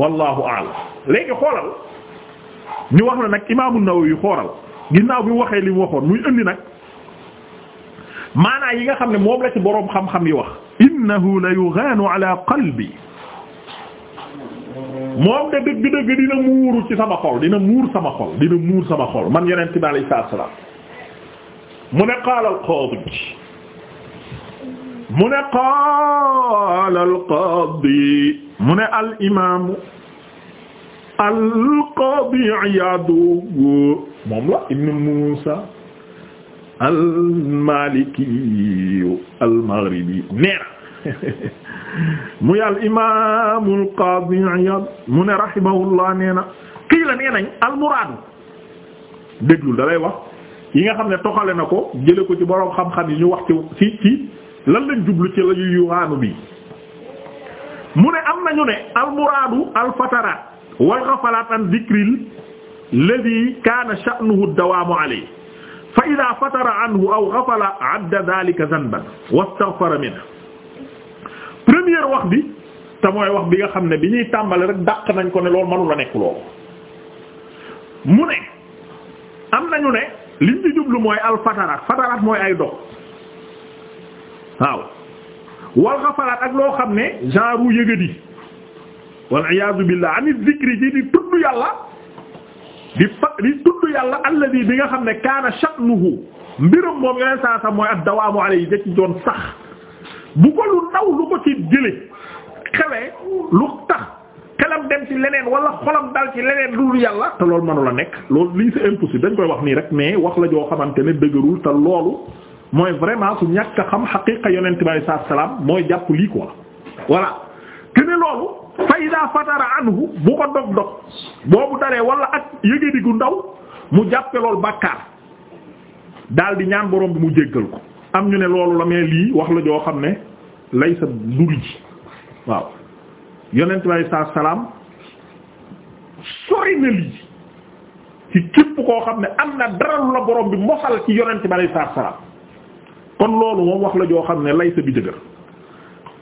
wallahu a'lam léegi xoolal ñu wax la nag imaamu Nawawi xoolal ginnaaw bi waxee li mu waxoon muy indi nag maanaa yi nga xam ne moom la ci boroom xam-xam yi wax innahu la yughaanu ala qalbi moom de dëgg-dëgg dina muuru ci sama xol dina muur sama xol dina muur sama xol man yonent bi alayhi salaam mu ne qaala al-qaadi mu ne qaala al-qaadi mu ne al imaamu al qaadi Iyaad moom la ibn Muusa al Maliki al Maghribi nee na muy al imaamu al qaadi Iyaad mu ne rahimahullah nee qiila nee al muraadu déglu da wax yi nga xam ne toxale na ko jële ko ci boroom xam-xam yi ñu wax ci ci lan lañ jublu ci la yu yuhaanu bi mu ne am nañu ne almuraadu alfataraat wal ghafalaat an dhikril ladhi kaana sha'nuhu ad-dawaamu alayhi fa idhaa fatara anhu aw ghafala 'adda dhaalika dhanban wastaghfara minhu première wax bi te mooy wax bi nga xam ne bi ñuy tàmbale rek dàq nañ ko ne loolu mënu la nekk loolu mu ne am nañu mooy ay dox waaw wal xafalaat ak loo xam ne genre yëgadi wal iyaazu billah ani zikri ji di tudd yàlla di fa di tudd yàlla alladi bi nga xam ne kaana sha'nuhu mbirum moom yeneen saa sax mooy ak dawaamu alayhi da ci doon sax bu ko lu ndaw lu ko ci jële xewee lu tax xelam dem ci leneen wala xolam dal ci leneen lu dul yàlla te loolu mënu la nekk loolu lii c'est impossible dañ koy wax nii rek mais wax la joo xamante ne dëgërul te loolu mooy vraiment su ñàkk a xam xaqiqa yonent bi alayhi salaam mooy jàpp lii ko voilà te ne loolu fa ida fatara anhu bu ko dog dog boobu daree wala ak yëgadi gu ndaw mu jàppe loolu bàkkaar daal di ñaan borom bi mu jéggal ko am ñu ne loolu la mais lii wax la joo xam ne lay sa duri ji waaw yonent bi alayhi salaam sori na lii ci képp koo xam ne am na dara lu la borom bi mosal ci yonent bi alayhi salaam kon loolu moom wax la joo xam ne laysa bi dëgër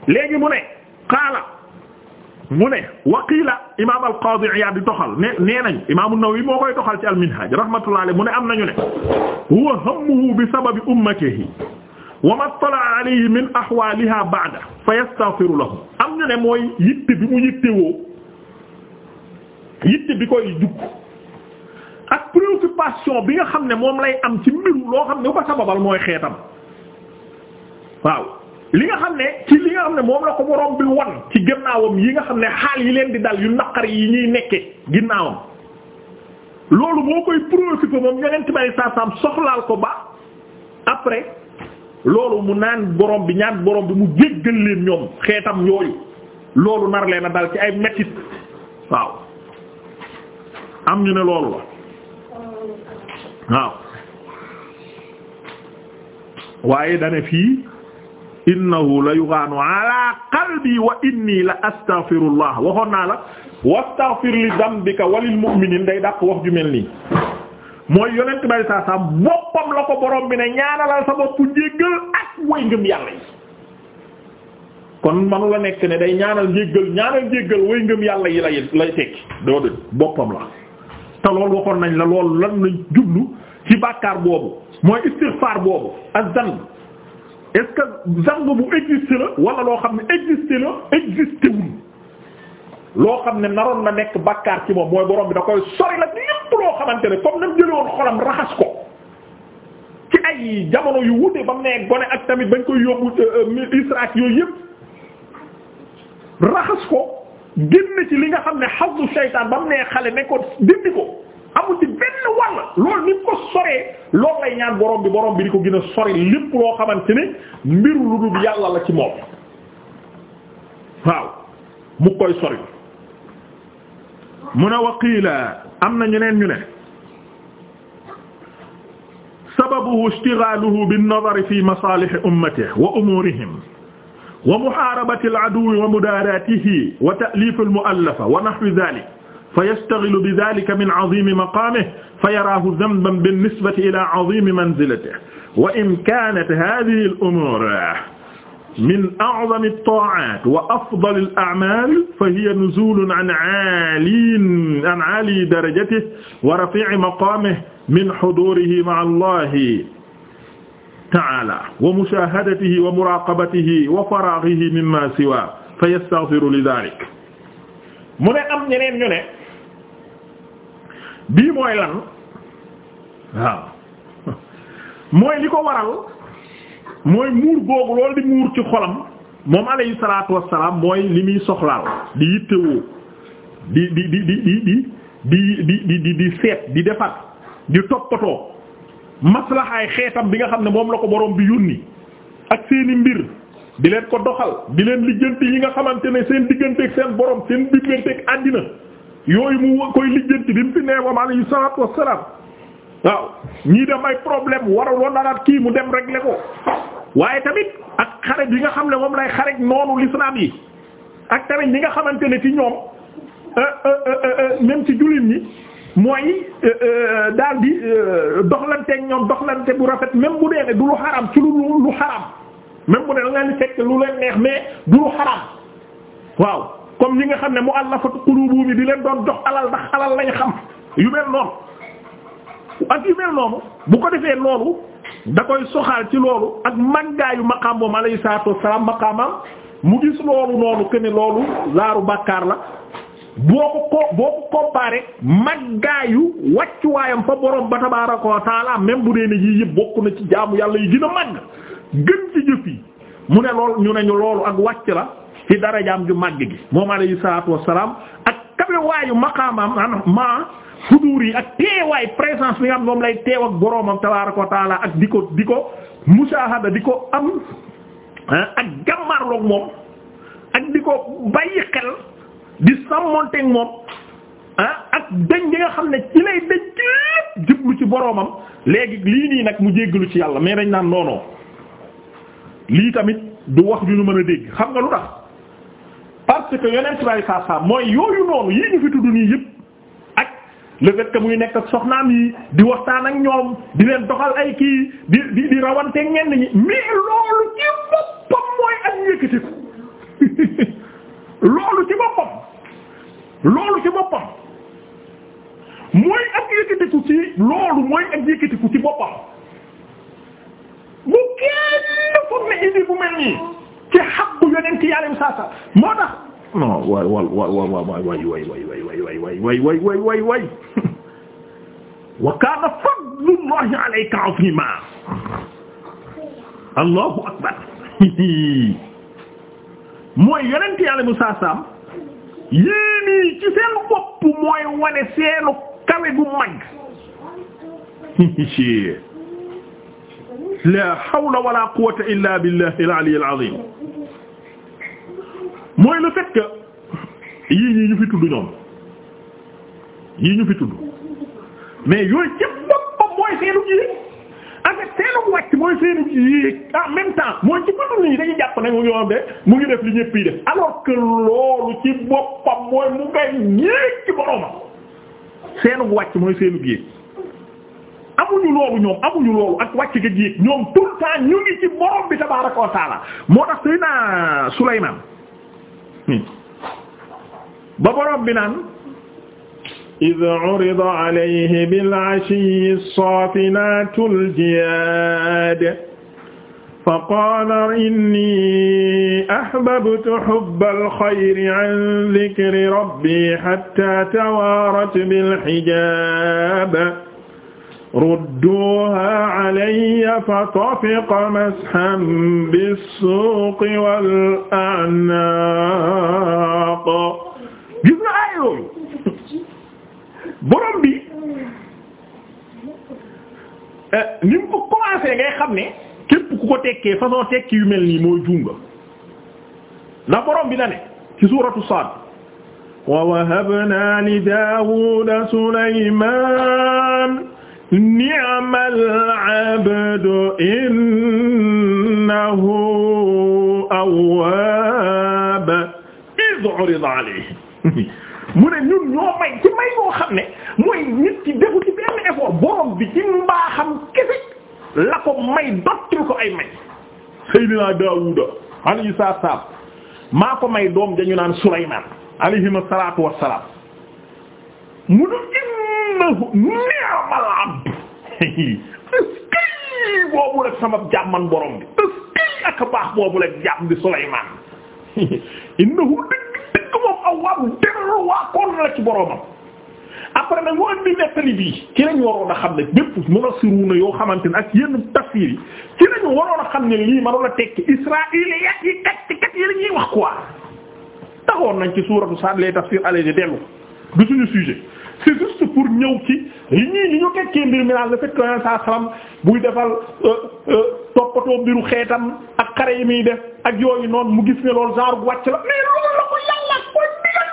léegi mu ne qaala mu ne waqiila imaam al-Qaadi Iyaad di toxal ne nee nañ imaam an-Nawawi moo koy toxal ci al-Minhaaj rahmatullahi alayhi mu ne am nañu ne huwa hammuhu bi sababi ummatihi wa ma ittala'a alayhi min ahwaalihaa ba'da fa yastaghfiru lahum am ñu ne mooy yitte bi mu yittewoo yitte bi koy jukk ak préoccupation bi nga xam ne moom lay am ci mbiru loo xam ne bu ko sababal mooy xeetam waaw li nga xam ne ci li nga xam ne moom la ko borom bi won ci ginnaawam yi nga xam ne xaal yi leen di dal yu naqar yi ñuy nekke ginnaawam loolu moo koy profité moom ñeneen tibay saasaam soxlaal ko ba après loolu mu naan boroom bi ñaan boroom bi mu gën leen ñoom xeetam yooyu loolu nar leen a dal ci ay mettit waaw am ñu ne loolu la waaw waaye dane fii innahu la yughaanu ala qalbi wa inni la astaghfirullah waxoon naa la wastaghfir li dambika walil mu'minin day dàq wax ju mel nii mooy yonent bi sallallahu alayhi wasallam boppam la ko borom bi ne ñaanalal sa bopp njéggal ak way ngëm yàlla yi kon manu la nekk ne day ñaanal njéggal ñaanal njéggal way ngëm yàlla yi lay lay tekki doo de boppam la te loolu waxoon nañ la loolu lan lañ jublu ci bàkkaar boobu mooy istighfar boobu ak zan est-ce que zangu bu existe la wala loo xam ne existe la existe wul loo xam ne naroon na nekk bakkaar ci moom mooy borom bi da koy sori la lépp loo xamante ne comme nam jële woon xolam raxas ko ci ay jamono yu wute ba mu nee gone ak tamit bañ koy yóbbu euh, euh, Israël yooyu yëpp raxas ko génn ci li nga xam ne xasu seytaan ba mu nee xale nekkoon dindi ko amu ci benn wàll loolu ni ko soree loolu lay ñaan borom bi borom bi di ko gën a sori lépp loo xamante ne mbiru lu dul la ci moom waaw mu koy sori mu ne waqiila am na ñeneen ñu ne sababuhu ishtighaaluhu bin-nazari fi masaalihi ummatihi wa umuurihim wa muhaarabati al-aduwwi wa mudaaraatihi wa al-mu'allafa wa nahwi dhaalika fa yastaxilu bi daalika min aziimi maqaamihi fa yaraahu zanban bin-nisbati ilaa aziimi manzilatihi wa in kaanat haadihi al-umuur min a'zami at-taa'aat wa afdali al-a'maal fa hiya nuzuulun an aalin an aali darajatihi wa rafii'i maqaamihi min huduurihi ma'a Allaahi ta'aalaa wa mushaahadatihi wa muraaqabatihi wa faraagihi mimmaa siwaahu fa yastaxfiru li daalika mu ne am ñeneen ñu ne bii mooy lan waaw mooy li ko waral mooy muur googu loolu di muur ci xolam moom alayhi salaatu wassalaam mooy li muy soxlaal di yittewoo di di di di di di di di di di seet di defar di toppatoo maslahaay xeetam bi nga xam ne moom la ko borom bi yónni ak seeni mbir di leen ko doxal di leen lijjanti yi nga xamante ne seen digganteeg seen borom seen digganteeg àddina yooyu mu koy lijjanti bi mu fi nee moom alayhi salaatu wassalaam waaw ñii dem ay problème waral woon daraat kii mu dem régler ko waaye tamit ak xare bi nga xam ne moom lay xare noonu l'islam yi ak tamit ñi nga xamante ne ci ñoom euh, euh, euh, même ci jullit ñi mooy daal di doxlanteeg ñoom doxlante bu rafet même bu dee ne du lu xaram ci lu lu xaram même bu dee da nga ni fekk lu leen neex mais du lu xaram waaw comme ñi nga xam ne mu allafatu qulubu bi di leen doon jox alal ndax alal lañ xam yu mel noonu ak yu mel noonu bu ko defee loolu da koy soxaal ci loolu ak màngaayu maqaam moom alayhi salaatu wassalaam maqaamam mu gis loolu noonu que ne loolu laaru bàkkaar la boo ko ko boo ko comparé màggaayu wàccuwaayam fa borom ba tabaaraka wa taala bu dee ne yii yëpp bokk na ci jaamu yàlla yi gën a gën ci jëf yi mu ne loolu ñu ne ñu loolu ak wàcc la. ci darajaam ju màgg gi moom alayhi salaatu wassalaam ak kabewaayu maqaamam an ma fuduur yi ak teewaay présence bi nga xam moom lay teew ak boroomam tabaaraka ak di ko di di ko am ak jàmmarloog moom ak di ko bàyyi xel di sàmmonteeg nga xam ne ci lay dëñ képp jublu ci boroomam léegi lii nii nag mu jéggalu ci yàlla mais dañ naan noonoo lii tamit du wax ju nu mën a dégg xam nga lu tax parce que yonent bi mooy yooyu noonu yi ñu fi tudd nii yëpp ak le fait muy nekk ak soxnaam yi di waxtaan ak ñoom di leen doxal ay kii di di di rawante ñenn ñi mais loolu ci boppam mooy ak yëkkati loolu ci boppam loolu ci boppam mooy ak yëkkatiku ci loolu mooy ak yëkkatiku ci boppam bu kenn foog ne indi bu mel nii. ci xaqu yonent yàlla saa saa moo tax non waay waay waay waay waay waay waay waay waay waay waay waay waay waay wa kaana fadlullahi alayka azima allahu akbar mooy yonent yàlla mu saasaam yéeni ci seen bopp mooy wane seenu kawe gu mag la hawla wala quwwata illa billahi al-ali al-azim mooy le fait que yii ñu fi tudd ñoom yii ñu fi tudd mais yooyu ci boppam mooy seenu yéeg en fait seenu wàcc mooy même temps mooy ci mu ngi yoon li ñëpp yi def alors que loolu mooy mu ngay yéeg ci seenu wàcc mooy seenu yéeg amuñu loolu ñoom amuñu loolu ak wàcc ga yéeg ñoom tout temps ñu ngi ci borom bi tabaaraka wa taala moo tax Seydina Sulaymaan ba borom bi naan id urida alayhi bil ashiyyi saafinatul jiyaad fa qaala inni ahbabtu hubbal xayri an dikri rabbi hatta tawaarat bil hijaab rudduha alayya fatafiqa mashan bis-suuqi wal-a'naaq gis nga aaya yooyu borom bi eh, ni mu ko commencé ngay xam ne képp ku ko tekkee façon tekki yu mel nii mooy junga ndax borom bi la ne ci suuratu Saad wa wahabnaa li Daawuuda Sulaymaan ni'mal abdu innahu awwaab iz urida alayhi mu ne ñun ñoo may ci may boo xam ne mooy nit ci defu ci benn effort borom bi ci mbaaxam kese la may dottil ay may Seydina Daawuda alayhi salaam may doom dañu naan Sulaymaan alayhima salaatu wassalaam mu du innahu ni'mal abd ëskay boobu rek sama jaam man bi ëskay ak baax boobu la jaam bi Sulaymaan innahu dëgg dëgg moom awwaab delluwaa koon la ci boromam après nag mu andi nettali bii ci lañ waroon a xam ne bépp munassiruna yoo xamante ne ak yenn tafsir yi ci lañu waroon a xam ne lii manu la tekki israiliyaat yi kat kat yi la ñuy wax quoi taxoon nañ ci suuratu Saad lay tafsir allégé dellu du suñu sujet c'est juste pour ñëw ci li ñuy li ñu tekkee mbir mi naan le fait saa salaam buy defal euh, euh, toppatoo mbiru xeetam ak xare yi muy def ak yooyu noonu mu gis ne loolu genre bu wàcc la mais loolu la ko yàlla ko digal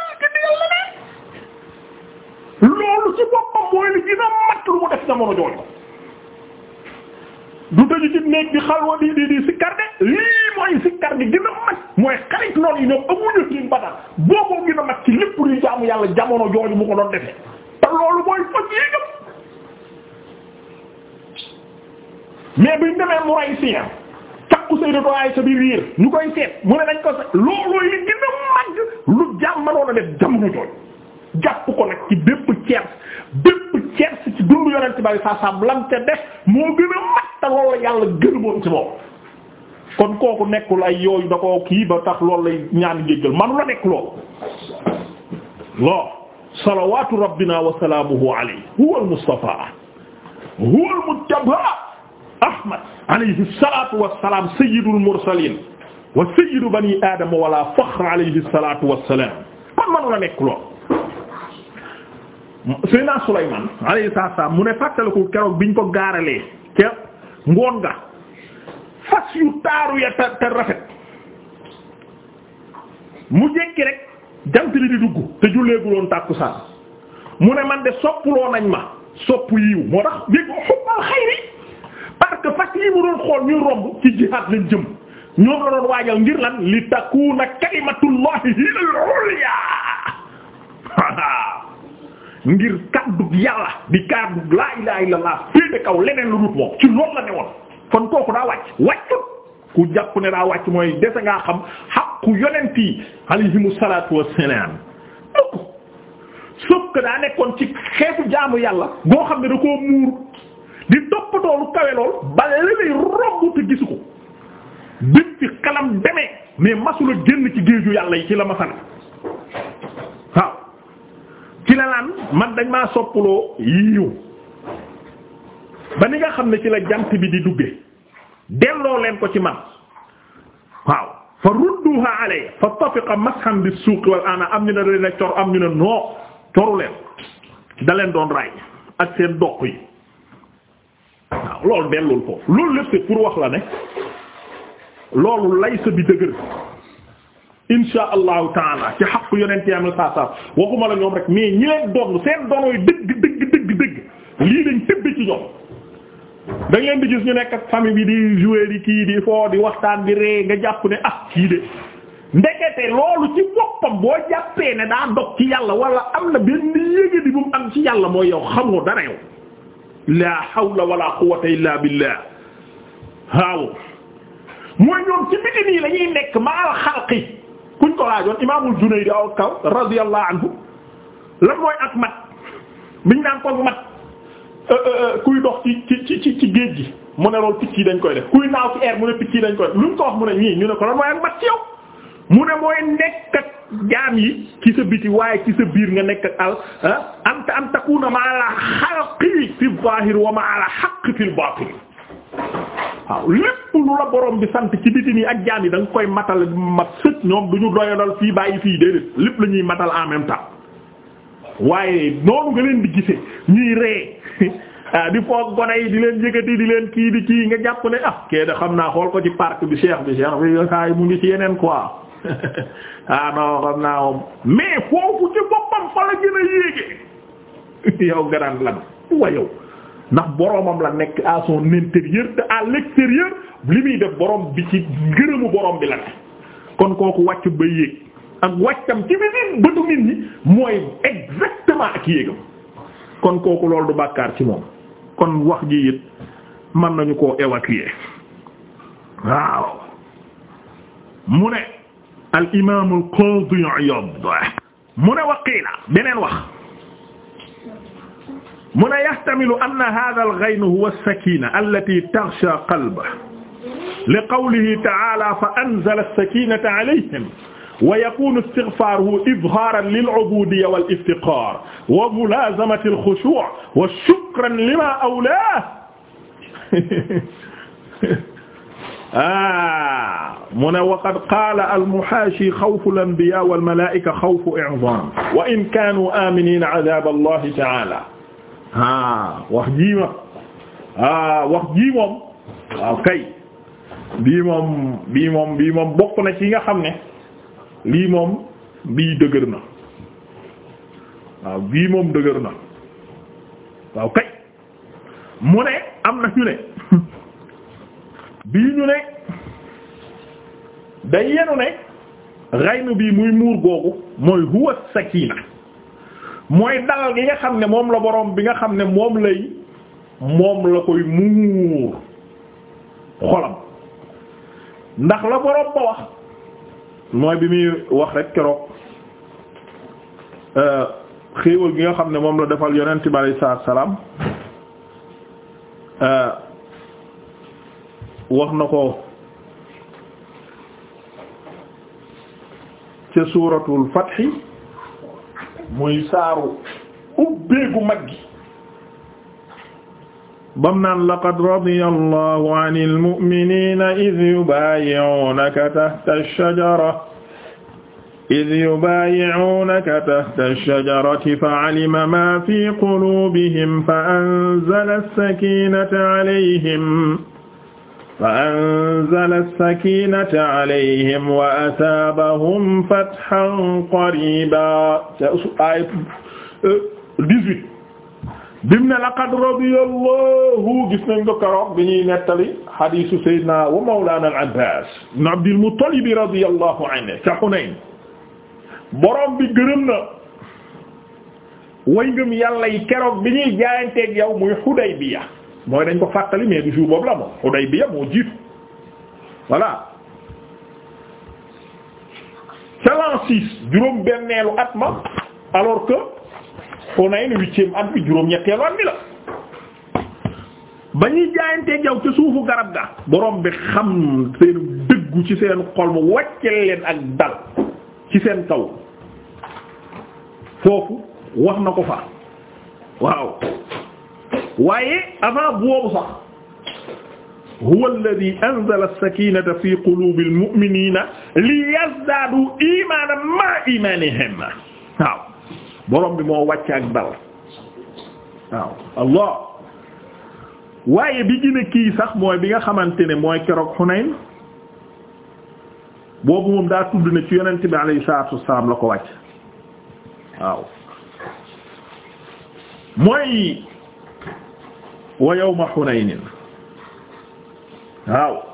ko digal ci boppam mooy li gën a mat lu mu def jamono jooju du tëju ci néeg di xalwa di di di sikkar de lii mooy sikkar gi gën a mat mooy xarit noonu yi ñoom amuñu ci badal booboo gën a mat ci lépp luy jaamu yàlla jamono jooju mu ko doon defee te loolu mooy fas yéegam mais biñ demee mu rey si takku Sayyidatu mu ne ko sa loolooy a a def jamono jooj def moo gën a màgg te loolu la yàlla gërëmoon ci moom kon kooku nekkul ay yooyu da ko kii ba tax loolu lay ñaan jéggal manu la nekk loolu lool solo rabbina wa salaamuhu alayhi huwa al-Mustafa huwa al-Mujtaba Ahmad alayhi salaatu wa salaam sayyidul mursaliin wa sayyidu bani aadama wa laa faxr alayhi nekk lool. Seydina Souleymane alayhi salaam mu ne fàttaliku keroog biñ ko gaaralee ca ngoon nga fas taaru ya te mu jekki rek. jant li di dugg te julleeguloon tàkkusaan mu ne man de soppuloo nañ ma sopp yiw moo tax dégg xubbal parce que fas yi mu doon xool ñuy romb ci jihaad lañ jëm ñoom la doon waajal ngir lan li takkuuna kalimatullahi hiya al-ulya ngir kaddu yàlla di kaddu laa ilaaha illallah féete kaw leneen lu dut moom ci loolu la ne woon kon kooku daa wàcc wàccut ku jàpp ne daa wàcc mooy dese ngaa xam àqu yonent yi alayhimu salaatu wassalaam sauf que daa nekkoon ci xeetu jaamu yàlla goo xam ne da koo muur di toppatoo lu kawe lool ba léegi romb te gisu ko bët ci xalam demee mais masula génn ci géeju yàlla yi ci la ma fan waaw ci la naan man dañ maa soppaloo yiiw ba ni nga xam ne ci la jant bi di dugge delloo leen ko ci man waaw fa rudduha alayya fa tafiqa mashan bi suuq wal ana am ñu ne leen a am ñu ne noo coru leen da leen doon raay ak seen doq yi waaw loolu dellul foofu loolu lépp c'est wax la ne loolu lay sa bi dëgër insha allahu taala ci xaqu yonent yi amee saa saa waxuma la ñoom rek mais ñi leen doon seen doonooy dëgg dëgg dëgg dëgg lii dañ tëbbi ci ñoom. da nga di gis ñu nekk ak famille bi di jouer kii di foo di waxtaan bi ree nga jàpp ne ak ah, kii de ndekete loolu ci boppam boo jàppee ne daa dog ci yàlla wala am na benn yége di mu am ci yàlla mooy yow xamoo dara yow la hawla wala quwwata illa billah waaw mooy ñoom ci biti nii la ñuy nekk maal xalqi kuñ ko laajoon imaamul Junayd aw kaw radiyallahu anhu lan mooy ak mat biñ naan ko mat Euh, euh, euh, kuy dox ci ci ci géej gi mu ne loolu picc yi dañ koy def kuy naaw ci air mu ne picc yi dañ koy lu ñu ko wax mu ne ñii ñu ne ko lan mooy ak mat ci yow mu ne mooy nekk ak jaam yi ci sa biti waaye ci sa biir nga nekk ak al am ah, na am takuna ma ala xalqi fi zahir wa ma ala haqq fi batin waaw lépp lu la borom bi sant ci biti nii ak jaam yi da nga koy matal mat sët ñoom du ñu doyadal fii bàyyi fii déedéet lépp lañuy matal en même temps waaye noonu nga ah di foog gone yi di leen yëkkati di leen kii di kii nga jàpp ne ah kee da xam naa xool ko ci parc bi seex bi cheikh bi saa yi mu ngi ci yeneen quoi ah non xam naa moom mais foofu ci boppam fa la gën a yéege yow gënaan lan wa yow ndax boromam la nekk à son intérieur te à l'extérieur li muy def boroom bi ci gërëmu borom bi la kon kooku wàcc ba yéeg ak wàccam ci biir bëtu nit mooy exactement ak yéegam. kon kooku loolu du bàkkaar ci moom kon wax ji it mën nañu koo évacuer waaw mu ne al imaam al qaadi Iyaad mu ne waqiila beneen wax mu ne yahtamilu anna haadha al ghayn huwa as-sakiina allatii taghshaa qalbahu li qawlihi ta'aalaa fa anzala as-sakiinata alayhim wa yakunu istighfaruhu izharan lil ubudiyya wal iftiqar wa mulazamati al khushu' wa shukran lima awlah ah mu ne waqad qaala almuhaashi xawfu al-anbiyaa wal malaa'ika xawfu i'zaam wa in kaanuu aaminiina azaab Allahi ta'aalaa ah wax jii ma ah wax jii moom waaw kay bii moom bii moom bii moom bokk na ci nga xam ne. lii moom bii dëgër na waaw bii moom dëgër na waaw kay mu ne am na ñu ne bii ñu ne day yenu ne raynu bii muy muur googu mooy huwa sakina mooy dalal gi nga xam ne moom la boroom bi nga xam ne moom lay moom la koy muur xolam ndax la boroom ba wax mooy bi muy wax rek keroog euh, xéewal gi nga xam ne moom la defal yonent bi alayhi salaatu salaam euh, wax na ko ca suuratul fathi muy saaru ubbeegu mag gi bam naan laqad radiya allahu anil mu'minina iz yubayi'unaka tahta ash-shajara iz yubayi'unaka tahta ash-shajarati fa'alima ma fi qulubihim fa'anzala as-sakinata 'alayhim فأنزل السكينة عليهم وأثابهم فتحا قريبا. Aaya 18 euh, bim ne laqad radiyallahu gis nañ ko keroog bi ñuy nettali hadiisu Seydina wa Mawlana al-Abbaas ibn Abdil Muttalib radiyallahu anhu ca Hunayn borom bi gërëm na way ngëm yàlla yi keroog bi ñuy jaayanteeg yow muy Hudaybiya mooy dañ ko fàttali mais du jour boobu la moom Hudaybiya moo jiitu voilà ca l'an six juróom benneelu at ma alors Hunayn huitième at bi juróom-ñetteelu at bi la ba ñuy jaayante jaw ca suufu garab ga borom bi xam seen dëggu ci seen xol mu wàcceel leen ak dal ci seen kaw foofu wax na ko fa waaw waaye avant boobu sax huwa alladhi anzala as-sakinata fi qulubi al-mu'minina li yazdaadu imanan ma imanihim waaw borom bi moo wàcc ak dal waaw allah waaye bi gën a kii sax mooy bi nga xamante ne mooy keroog Hunayn boobu moom daa tudd ne ci yonent bi alayhi salaatu wassalaam la ko wàcc waaw mooy wa yawma Hunaynin waaw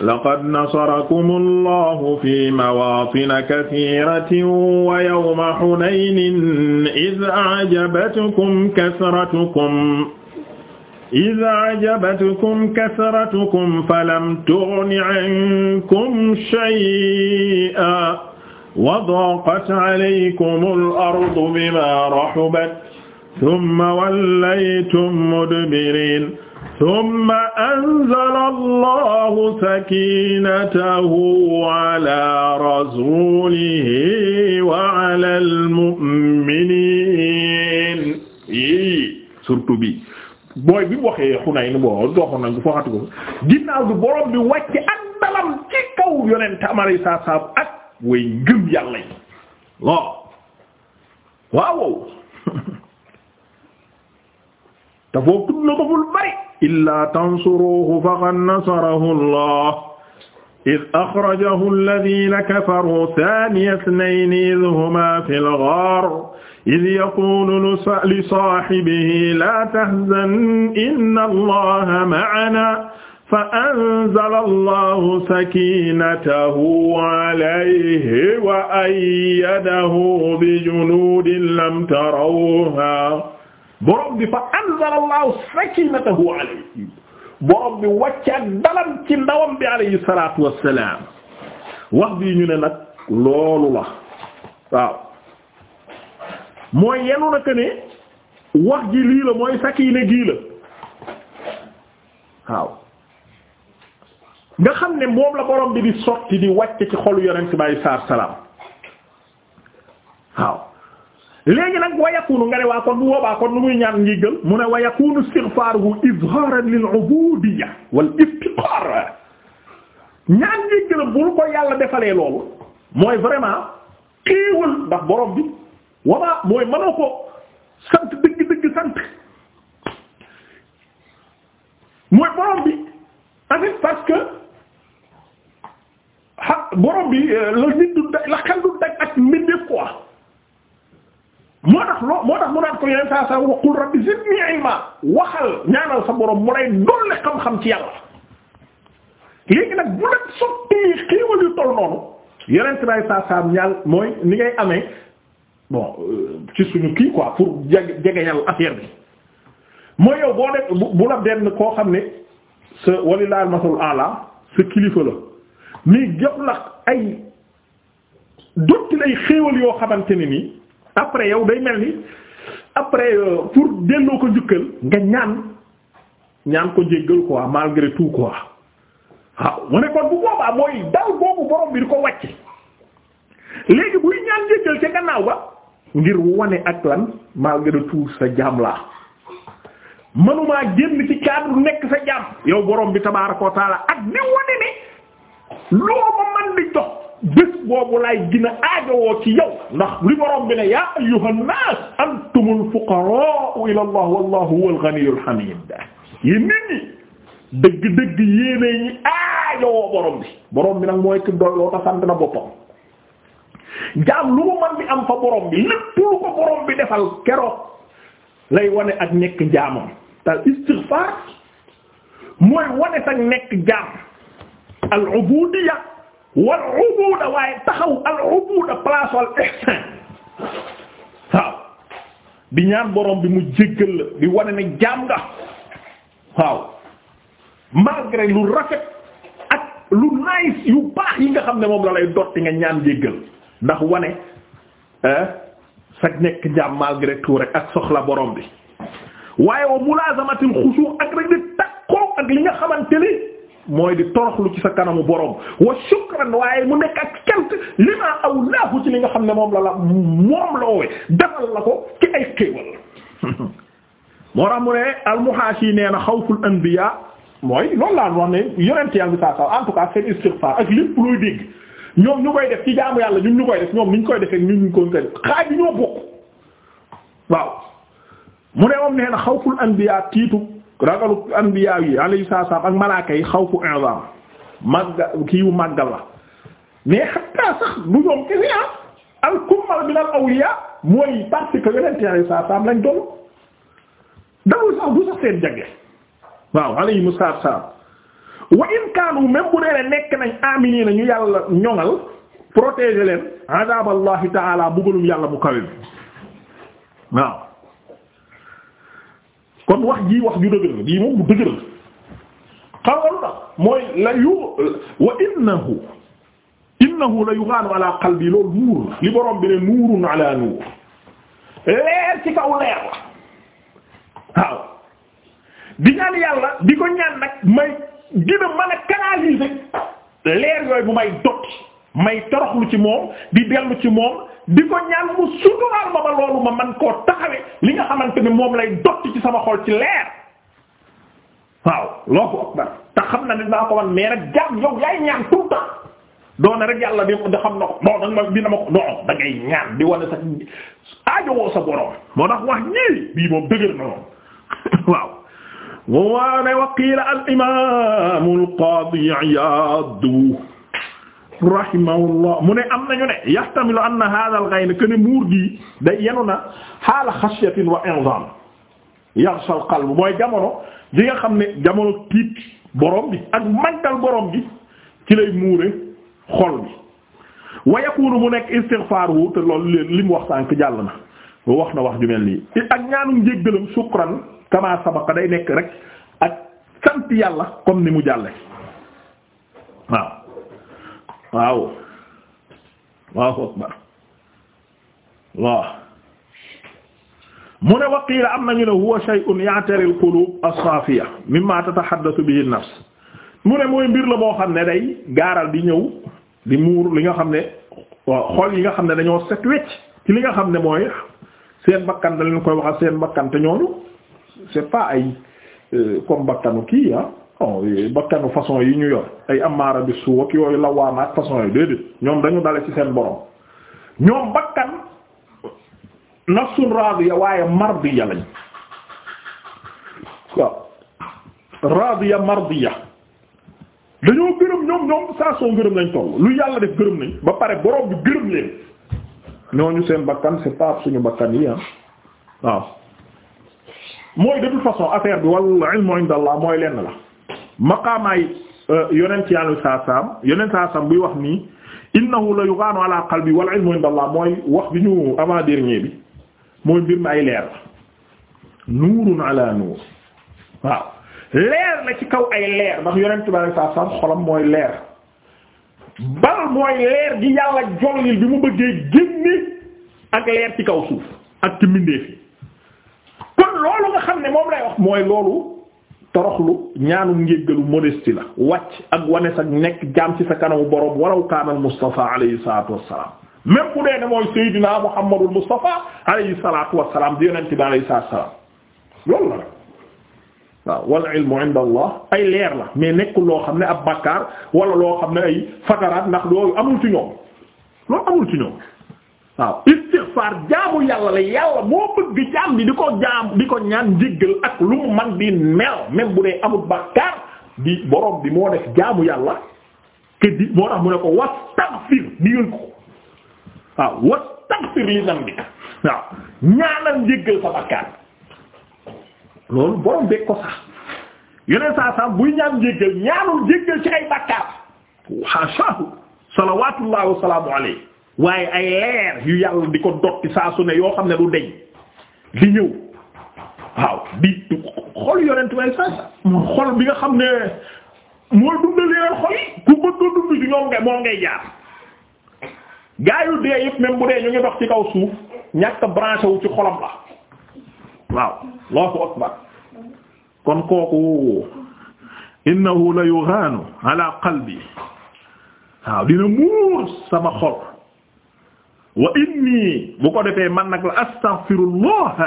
laqad nasarakum allahu fi mawaatina kasiiratin wa yawma hunaynin iz a'jabatkum kasratukum iz a'jabatkum kasratukum falam tughni 'ankum shay'an wa daqat 'alaykum al-ardu bima rahubat thumma wallaytum mudbirin summa anzala allahu sakinatahu ala rasulihi wa ala almu'minin yi surtout bi booy bi mu waxee Xunayn boo doxoon nañ ko fooxati ko ginnaaw bi borom bi wàcce ak dalam ci kaw yonent amari saa saab ak way ngëm yàlla yi waaw waaw te foofu tudd na ko ful bari illaa tansuruhu faqad nasarahu allah id axrajahu alladina kafaru thaniya ithnayni id huma fi lgaar id yaqulu li saahibihi la tahzan inna allaha ma'ana fa anzala allahu sakinatahu alayhi wa ayyadahu bi junuudin lam tarawha borom bi fa anzala allahu sakinatahu alayhi borom bi wàcc ak dalam ci ndawam bi alayhi salatu wassalam wax bii ñu ne nag loolu la waaw mooy yenu na que ne wax ji lii la mooy sakina gii la waaw nga xam ne moom la borom bi di sotti di wàcc ci xolu yonent bi alayhi salaam waaw léegi nag wa yakunu nga ne waa kon bu boobaa kon nu muy ñaan njéggal mu ne wa yakunu istighfaruhu izharan lil ubudiyya wal iftiqar yàlla defalee loolu mooy vraiment xéewal ndax borom bi wama mooy mënoo ko sant dëgg-dëgg sant mooy borom bi parce que a borom euh, la xel du daj ak mbindeef quoi moo tax loo moo tax mu naan ko yeneen saa saa waqul rabbi zidni ilma waxal ñaanal sa borom mu lay dolli xam-xam ci yàlla léegi nag bu la sotti xéewal yu toll noonu yeneen si may saa saa ñaal mooy ni ngay amee bon euh, ci suñu kii quoi pour jege jege yàlla bi mooy yow boo def bu la benn koo xam ne sa walilahi almasalul ala sa kilifa la mi jox la ay dotti lay xéewal yoo xamante ne nii après yow day mel ni après euh, pour delloo ko njukkal nga ñaan ñaan ko jéggal quoi malgré tout quoi waaw ah, mu ne bu boobaa mooy dal boobu borom bi di ko wàcce léegi buy ñaan jéggal ca gannaaw ba ngir wane ak lan malgré tout sa jaam laa manumaa génn ci cadre nekk sa jaam yow borom bi tabaaraka wa taala ak di wane ne loo ma man di jox bés boobu lay gën a aajowoo ci yow ndax li borom bi ne yaa ayyuhan naas antumul fuqaraa'u ila Allah wallahu huwal ghaniyyul hamiid yéen nit ñi dëgg-dëgg yéenee ñi aajowoo borom bi borom bi nag mooy ki doyloo ta sant na boppam jaam lu mu man bi am fa borom bi lépp lu ko borom bi defal keroog lay wane ak nekk jaamam tal istighfar mooy wane sa nekk jaam al ubudiyya wal waaye taxaw al ubuda place wal waaw di ñaan borom bi mu jéggal la di wane ne jaam nga waaw malgré lu rafet ak lu nice yu baax yi nga xam ne moom la lay dotti nga ñaan jéggal ndax wane sa nekk jaam malgré tout rek ak soxla borom bi waaye wa mulazamatil xusu ak rek di takkoo ak li nga xamante ni mooy di toroxlu ci sa kanamu borom wa shukran waaye mu nekk ak cant aw awlaahu ci li nga xam ne moom la la moom la woowe defal la ko ci ay xéewal moo tax mu ne almuhaasi nee na xawful anbiya mooy loolu laa wax ne yonent yàlla bi saa saa en tout cas seen istighfar ak lépp luy dégg ñoom ñu koy def ci jaamu yàlla ñun ñu koy def ñoom niñ koy defee ñun ñu koy def xaaj bi ñoo bokk waaw mu ne moom nee na xawful tiitu. ragalu anbiya yi alayhi salaam ak malaaka yi xawfu i'zam màgga kiiwu màggal la mais hatta sax du ñoom kese ah al kummal min al awliya mooy parce que yonent alayhi salaam lañ doon dawul sax du sax seen jagle waaw alayhimu salaam wa in kaanu même nekk nañ amini ñu yàlla ñoŋal protéger leen adab allah taala bugalum yàlla bu kawe waaw kon wax ji wax ju dëgër la jii moom bu dëgër la xawalu la yu wa innahu innahu la yughaanu ala qalbi loolu nuur li borom bi ala nuur leer ci kaw leer la di ñaan yàlla di ko ñaan may gën a mën a leer yooyu bu may dotti may toroxlu ci moom di dellu ci moom di ko ñaan mu suturaal ma ba loolu ma man koo taxawe li nga xamante ne moom lay dotti ci sama xol ci leer waaw loo ko akbar xam na ne naa ko wan mais nag jaam yow yaay ñaan tout doona rek yàlla di da xam na ko non danga ma dina ma ko non da ngay ñaan di wane sa aajowoo moo tax wax ñii bii moom dëgër na moom waaw mu waane wa al imam al qadi Iyad rahimahullah mu ne am nañu ne yahtamilu anna hadha al-ghayl ne muur gi day yenu na xaala xasyatin wa inzam yaghsha al-qalb mooy jamono ji nga xam ne jamono tiit borom bi ak màggal borom bi ci lay muure xol bi wa yakunu mu nekk istighfaru te loolu li mu wax sànk jàll na wax na wax ju mel nii ak ñaanum njéggalam shukran kama sabaqa day nekk rek ak sant yàlla comme ni mu jàlle waaw waaw Allahu akbar Allah mu ne wa qiila am nañu ne huwa shay'un ya'tari al-qulub as-safiya mimma tatahaddathu bihi nafs mu ne mooy mbir la boo xam ne day gaaral di ñëw di muur li nga xam ne xol yi nga xam ne dañoo set wecc ci li nga xam ne mooy seen bakkan da leen koy waxal seen bakkan te ñooñu c'est pas ay euh, comme bakkanu kii ah bon bakkanu façon yi ñu yor ay a bi suuf ak yooyu lawaamaak façon yooyu déedéet ñoom dañu dale ci seen borom ñoom bakkan nafsun raadiya waaye mardiya lañ waaw raadiya mardiya dañoo gërëm ñoom saa soo gërëm lañ toll lu yàlla def gërëm nañ ba pare borom bi gërëm leen ñooñu seen bakkan c'est pas suñu bakkan yi ah mooy de toute façon affaire bi wal ilmu mooy lenn la. maqaamaay euh, yonent yàlla saa saam yonent saa saam buy wax nii innahu la yughaanu ala qalbi wal ilmu inda mooy wax bi ñu avant dernier bi mooy mbir mi ay leer la nuurun ala nuur waaw leer la ci kaw ay leer ndax yonent bi saa saam xolam mooy leer bal mooy leer gi yàlla jollil bi mu bëggee génne ak leer ci kaw suuf ak ci mbindeef yi kon loolu nga xam ne moom lay wax mooy loolu. toroxlu ñaanu njéggalu modestie la wàcc ak wane sa nekk jaam ci sa kanamu borom walaw kaana al Mustafa alayhi salaatu wassalaam même ku dee ne mooy Seydina Muhammadul Mustafa alayhi salaatu wassalaam di yonent bi alayhi salaatu wassalaam loolu la rek waaw wal ay leer la mais nekkul loo xam ne ab bakkaar wala loo xam ndax loolu amul ci ñoom loolu amul ci ñoom istighfar jaamu yàlla la yàlla moo bëgg jaam bi di ko jaam di ko ñaan njéggal ak lu mu man di mel bu dee amul bàkkaar di borom bi moo def jaamu yàlla ke di moo tax mu ne ko wastaghfir digal ko waaw wastaghfir ñaanal njéggal sa bàkkaar loolu borom beeg ko sax yeneen saa saam buy ñaan njéggal ñaanul njéggal ci ay bàkkaar xaasaahu salawatullahi wa salaamu alayhi waaye ay leer yu yàlla di ko dotti saa su ne yoo xam ne du deñ di ñëw waaw di xol yonent way saa xol bi nga xam ne mooy dundal yeneen xol ku bëgg a dund ci ñoom nga moo ngay jaar gaa yu dee yëpp même bu dee ñu ngi dox ci kaw suuf ñàkk branché wu ci xolam la waaw Allahu akbar kon kooku innahu la yughanu ala waaw dina muur sama xol wa inni bu ko defee man nag la astaghfirullah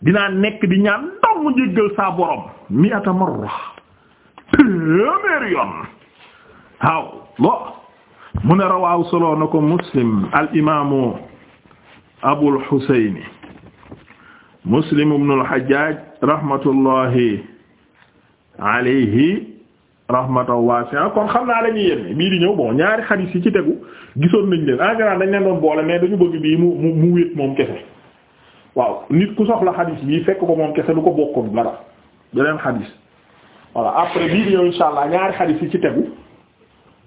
dinaa nekk di ñaan dong mu jéggal saa borom mi ata marra premier yoon waaw lo mu ne rawaaw soloo na ko muslim al imaamu abul husayni muslim ibn al hajjaj rahmatullahi alayhi rahmatan wasi'a kon xam naa la ñuy yéen bii di ñëw bon ñaari xadiis yi ci tegu gisoon nañ leen en général dañ leen doon boole mais dañu bëgg bii mu mu wéet moom kese waaw nit ku soxla xadiis bii fekk ko moom kese du ko bokkoon dara beneen xadiis voilà après bii di ñëw insha allah ñaari xadiis yi ci tegu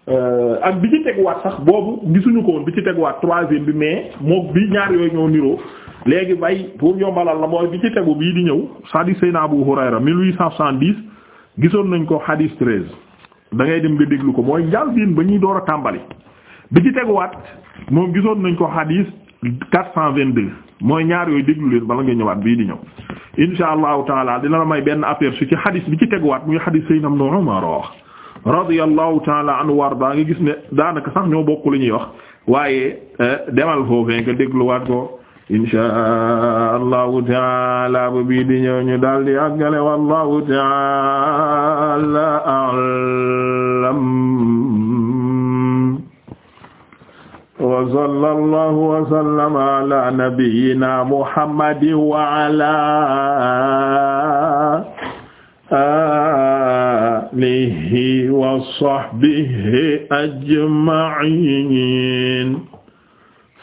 euh, ak bi ci teguwaat sax boobu gisuñu ko woon bi ci teguwaat troisième bi mais moom bi ñaar yooyu ñoo niroo léegi bay pour yombalal la mooy bi ci tegu bii di ñëw xadiis Seydina Abu Hurayra 1870 gisoon nañ ko hadis treize da ngay dem nga déglu ko mooy njaal biin ba ñuy door a tàmbali bi ci teguwaat moom gisoon nañ ko hadis quatre cent vingt deux mooy ñaar yooyu déglu leen bala nga ñëwaat bii di ñëw insha allahu taala dina la may benn aperçu ci hadis bi ci teguwaat muy hadis Seydina Ibn Umar radiyallahu taala anhu baa ngi gis ne daanaka sax ñoo bokk lu ñuy wax waaye eh, demal foofee nga dégluwaat ko inshaa allahu taala ba bii di ñëw ñu daldi àggale wallahu taala a'lam wa sallallahu wa sallama ala nabiyyina muhammadin wa ala alihi wa sahbihi ajma'in